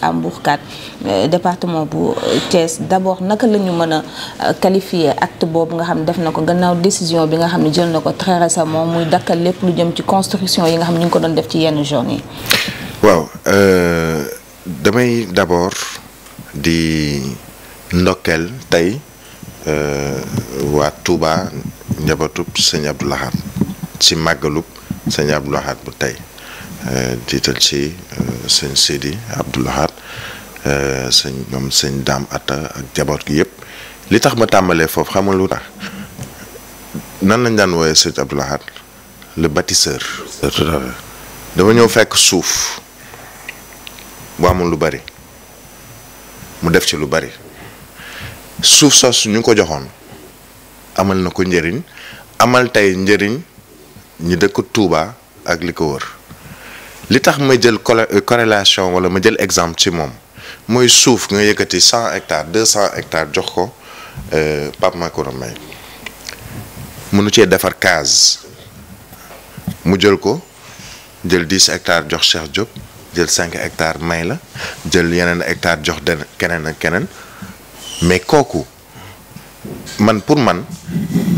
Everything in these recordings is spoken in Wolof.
am à Mbourkat euh, département bu euh, Thiès d'abord naka la ñu mën a euh, qualifier act boobu nga xam ne def na ko gannaaw décision bi nga xam ne jël na ko très récemment muy dakkal lépp lu jëm ci construction yi nga xam ne ñu ngi ko doon def ci yenn zones yi. waaw damay d'abord di ndokkeel tey waa Touba njabatub sëñ Abdou Lahad ci màggalub sëñ Abdou Lahad bu tey jiital ci sëñ Sidi Abdou Lahad Euh, sëñ ñoom sëñ daam atta ak jaboot gi yëpp li tax ma tàmbalee foofu xamul lu tax nan lañ daan wooyee sëñ Abdou Lahad le bâtisseur. Euh, dama ñëw fekk suuf bu amul lu bari mu def ci lu bari suuf soosu ñu ko joxoon amal na ko njëriñ amal tey njëriñ ñi dëkk tuubaa ak li ko wër li tax ma jël euh, corrélation wala ma jël exemple ci moom. mooy suuf nga yëkkati cent hectare deux cent hectares jox ko euh, Pape Makoura Mbaye munu cee defar case mu jël ko jël dix hectares jox Cheikh Diop jël cinq hectares may la jël yeneen hectares jox den keneen ak keneen mais kooku man pour man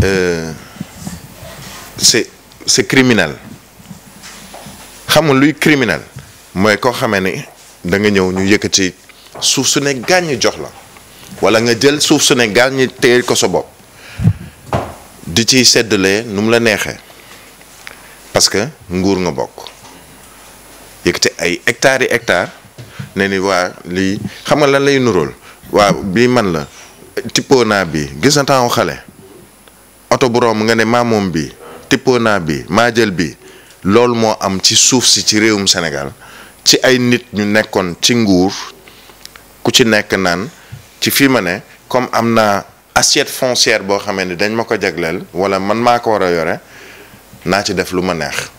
euh, c'est c'est criminel xam luy criminel mooy koo xamee ni da nga ñëw ñu yëkkati. suuf su ne gàññ jox la walla nga jël suuf su ne gàññ téyel ko sa bopp di ciy seddalee nu mu la neexee parce que nguur nga bokk yëkkati ay hectares yi hectares ne ni waa lii xam nga lan lay nuróol waa bii man la tippoo naa bi gis na temps xale oto bu romb nga ne maa bi bii tippoo naa bii maa jël bii loolu moo am ci suuf si ci réewum senegal ci ay nit ñu nekkoon ci nguur ku ci nekk naan ci fi ma ne comme am na assiette foncière boo xamee ni dañ ma ko jagleel wala man maa ko war a yore naa ci def lu ma neex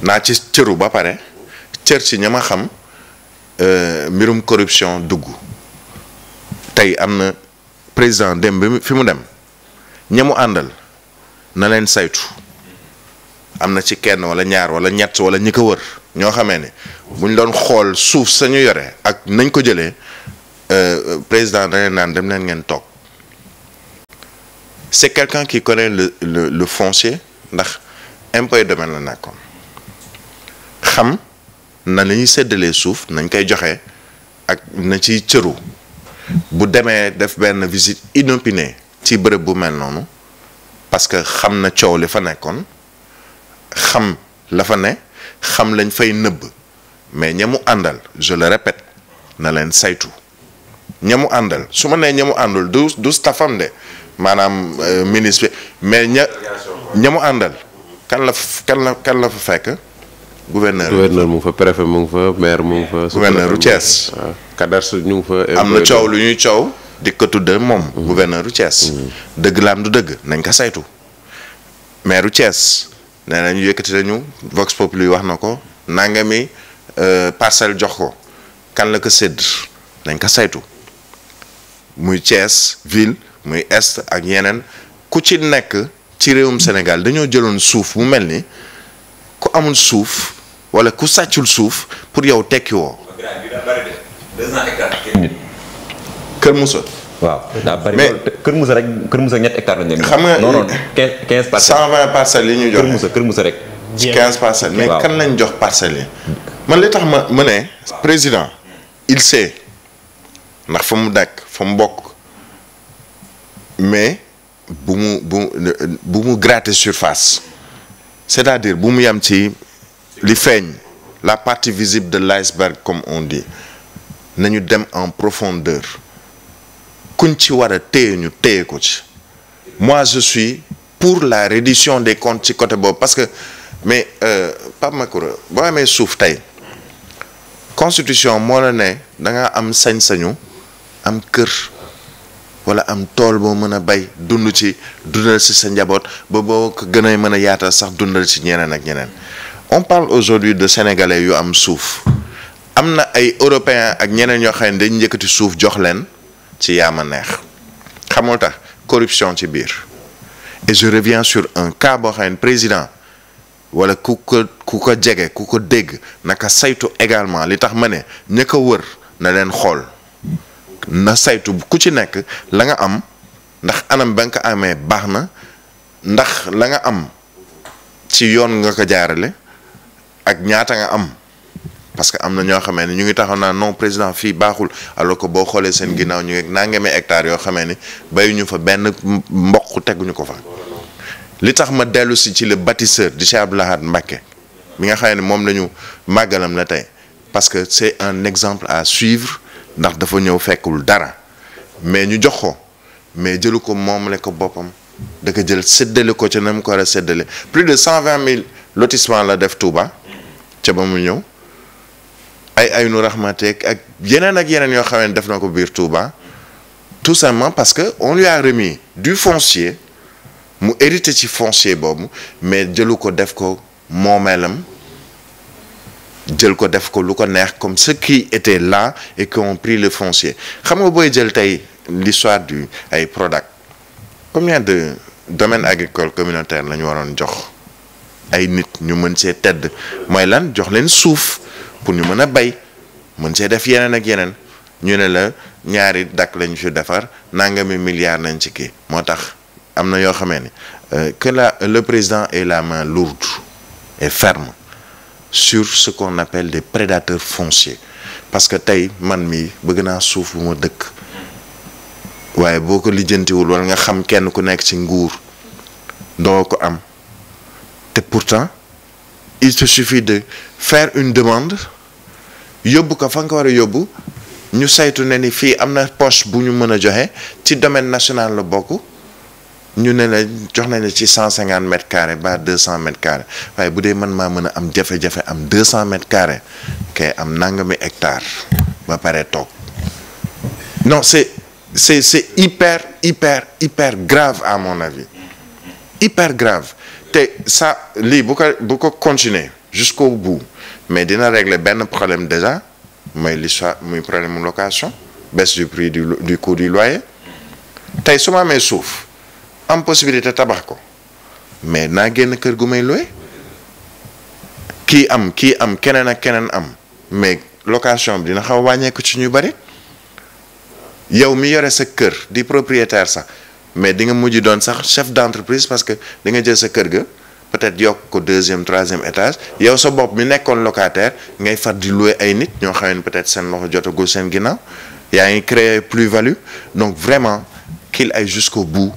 naa ci cëru ba pare cër ci ñama ma xam euh, mbirum corruption dugg tey am na président dem bi fi mu dem ñamu àndal na leen saytu am na ci kenn wala ñaar wala ñett wala ñi ko wër ñoo xamee ne buñ doon xool suuf sañu yore ak nañ ko jëlee euh, président da naan dem leen ngeen toog c'est quelqu'un qui connaît le le le ndax impôt et domaine la nekkoon xam na la ñuy séddalee suuf nañ koy joxe ak na ci cëru bu demee def benn visite inopinée ci bërëb bu mel noonu parce que xam na coow li fa nekkoon xam la fa ne xam lañ fay nëbb mais ñamu àndal je le na leen saytu ñamu àndal su ma nee ñamu mu àndul du du staffam de maanaam euh, ministre mais ña ñamu mu àndal kan la kan la la fa fekk gouverneur gouverneur mu ngi fa préfet mu ngi fa maire mu ngi fa. gouverneur u Thiès. cadastre ñu ngi am na coow e lu ñuy coow. di ko moom. Mm-hmm. gouverneur u Thiès. Mm-hmm. dëgg laam du dëgg nañ ko saytu. maire u nee ñu yëkkati nañu Vox Populi wax na ko nanga nangami euh, parcelle jox ko kan la ko sédd dañ ko saytu muy Thiès ville muy est ak yeneen ku ci nekk ci réewum senegal dañoo jëloon suuf mu mel ni ku amul suuf wala ku sàccul suuf pour yow tekki woo. waaw daa bari Kër Moussa rek Kër Moussa ñetti hectares lañ leen. xam nga non non 15 parcelles 120 parcelles yi ñu jox Kër Moussa rek. 15 parcelles mais kan lañ jox parcelles yi. man li tax ma ma ne. président il sait ndax fa mu dàkk fa mu bokk mais bu mu bu bu mu gratter surface c'est-à-dire bu mu yam ci li feeñ la partie visible de l'iceberg comme on dit nañu dem en profondeur. kuñ ci war a téye ñu téye ko ci mois je suis pour la reddition des comptes ci côté boobu parce que mais euh, Pape Makoura boo amee suuf tey constitution moo la ne da nga am sañ-sañu am kër wala am tool boo mën a bay dund ci dundal ci sa njaboot ba boo ko gën a mën a yaatal sax dundal ci ñeneen ak ñeneen on parle aujourd'hui de sénégalais yu am suuf am na ay européens ak ñeneen yoo xam ne dañ njëkkati suuf jox leen ci yaa ma neex xamul tax corruption ci biir et je reviens sur un cas boo xam président wala ku ko ku ko jege ku ko dégg naka saytu également li tax ma ne ña ko wër na leen xool na saytu ku ci nekk la nga am ndax anam ba nga ko amee baax na ndax la nga am ci yoon nga ko jaarale ak ñaata nga am parce que am na ñoo xamee ne ñu ngi taxaw naa non président fii baaxul alors que boo xoolee seen ginnaaw ñu ngi nangemee hectares yoo xamee ne béyuñu fa benn mboq teguñu ko fa. li tax ma dellu si ci la bâtisseur di Cheikh Abdou Lahad Mbacké mi nga xam ne moom la ñu màggalam la tey parce que c'est un exemple à suivre ndax dafa ñëw fekkul dara mais ñu jox ko mais jëlu ko moom le ko boppam da ko jël seddale ko ci na mu ko war a séddale plus de cent vingt mille lotissement la def Touba ca ba mu ñëw. ay ay nu ak yeneen ak yeneen yoo xam ne def na ko biir Touba tout simplement parce que on lui a remis du foncier mu hérité ci foncier boobu mais jëlu ko def ko moomeelam jël ko def ko lu ko neex comme ceux qui étaient là et qui pris le foncier xam nga booy jël tey l'histoire du ay Prodac combien de domaines agricoles communautaires lañu waroon jox ay nit ñu mën see tedd mooy lan jox leen suuf pour ñu mën a bay mën see def yeneen ak yeneen ñu ne la ñaari dakk lañu fi defar mi milliards nañ ci kii moo tax am na yoo xamee ni euh, que la le président ait la main lourde et ferme sur ce qu'on appelle des prédateurs foncier parce que tey man mii bëgg naa suuf bu ma dëkk waaye boo ko lijjantiwul wala nga xam kenn ku nekk ci nguur doo ko am te pourtant il te suffit de fair une demande yóbbu ko fa nga ko war a yóbbu ñu saytu ne ni fii am na poche bu ñu mën a joxe ci domaine national la bokk ñu ne la jox na la ci cent cinquante mètres carrés ba deux cent mètres carrés waaye bu dee man maa mën a am jafe-jafe am deux cent mètres carrés kay am nangami hectare ba pare toog non c'est c'est c'est hyper hyper hyper grave à mon avis hyper grave te sa lii bu ko bu ko continuer jusqu'au bout mais dina régler benn problème déjà mooy l'histoire muy problème mu location baisse du prix du du coût du loyer tey su ma amee suuf am possibilité tabax ko mais naa génn kër gu may loué kii am kii am keneen ak keneen am mais location bi dina xaw wàññeeku ci ñu bari yow mi yore sa kër di propriétaire sax mais di nga mujj doon sax chef d'entreprise parce que di jël sa kër ga peut-être yokk ko deuxième troisième étage yow sa bopp mi nekkoon locataire ngay far di louer ay nit ñoo xam ne peut-être seen loxo jotagul seen ginnaaw yaa ngi créer plus-value donc vraiment qu'il ay jusqu'au bout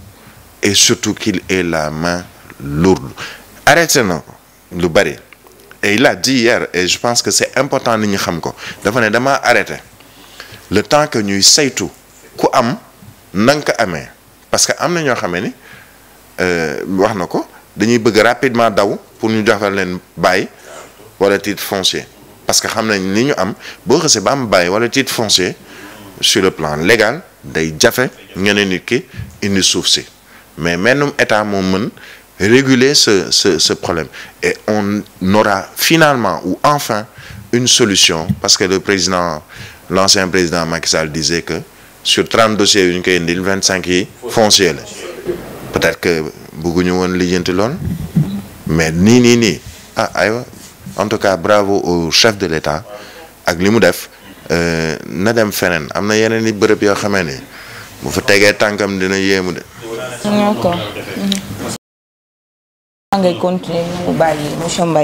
et surtout qu'il ait la main lourde arrêté na lu bari et il a dit hier et je pense que c'est important nit ñu xam ko dafa ne dama arrêté le temps que ñuy saytu ku am na nga ko amee parce que am na ñoo xamee ni euh, wax na ko dañuy bëgg rapidement daw pour ñu joxal leen bàyyi wala titre foncier parce que xam nañ ni ñu am boo xasee ba am bàyyi wala titre foncier sur le plan légal day jafe ñeneen nit ki indi suuf si mais mennum état moom mën réguler ce ce ce problème et on aura finalement ou enfin une solution parce que le président l'ancien président Macky Sall disait sur 30 dossiers yu ñu di vingt cinq yi foncier la peut-être que bëgguñu woon lijjanti lool mais nii nii nii ah aywa en tout cas bravo au chef de l'État ak li mu def euh, na dem feneen am na yeneen i bërëb yoo xamee ni bu fa tegee tànkam dina yéemu de. d'accord. continuer mu bàyyi monsieur Mbaye